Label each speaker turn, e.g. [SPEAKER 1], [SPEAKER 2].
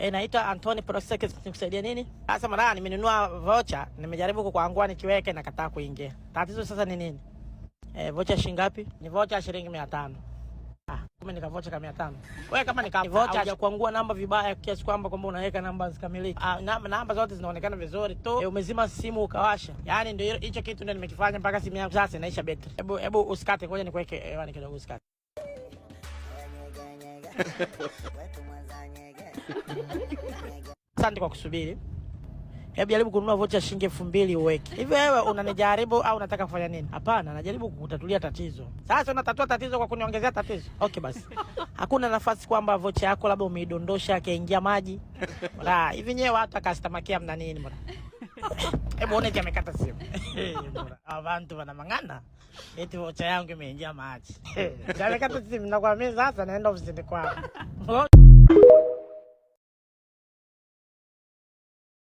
[SPEAKER 1] E, naitwa Anthony Prosek nikusaidia nini? Sasa mara nimenunua voucher, nimejaribu kukuangua nikiweke na kataa kuingia. Tatizo sasa ni nini? E, voucher shilingi ngapi? Ni voucher shilingi 500. Ah, kumbe nika voucher kama 500. Wewe kama nika voucher ya kuangua namba vibaya kiasi kwamba kwamba unaweka namba zikamiliki. Ah, na, namba zote zinaonekana vizuri tu. E, umezima simu ukawasha. Yaani ndio hicho kitu ndio nimekifanya mpaka simu yangu sasa inaisha betri. Hebu hebu usikate, ngoja nikuweke hewani kidogo usikate. Asante kwa kusubiri. Hebu jaribu kununua vocha shilingi elfu mbili uweke. Hivi wewe unanijaribu au unataka kufanya nini? Hapana, najaribu kukutatulia tatizo. Sasa unatatua tatizo kwa kuniongezea tatizo. Okay basi. Hakuna nafasi kwamba vocha yako labda umeidondosha akaingia maji. La, hivi nyewe watu customer care mna nini mbona? Hebu one je amekata simu. Abantu wanamangana. Eti vocha yangu imeingia maji. Amekata simu na kwa mimi sasa naenda ofisini kwao.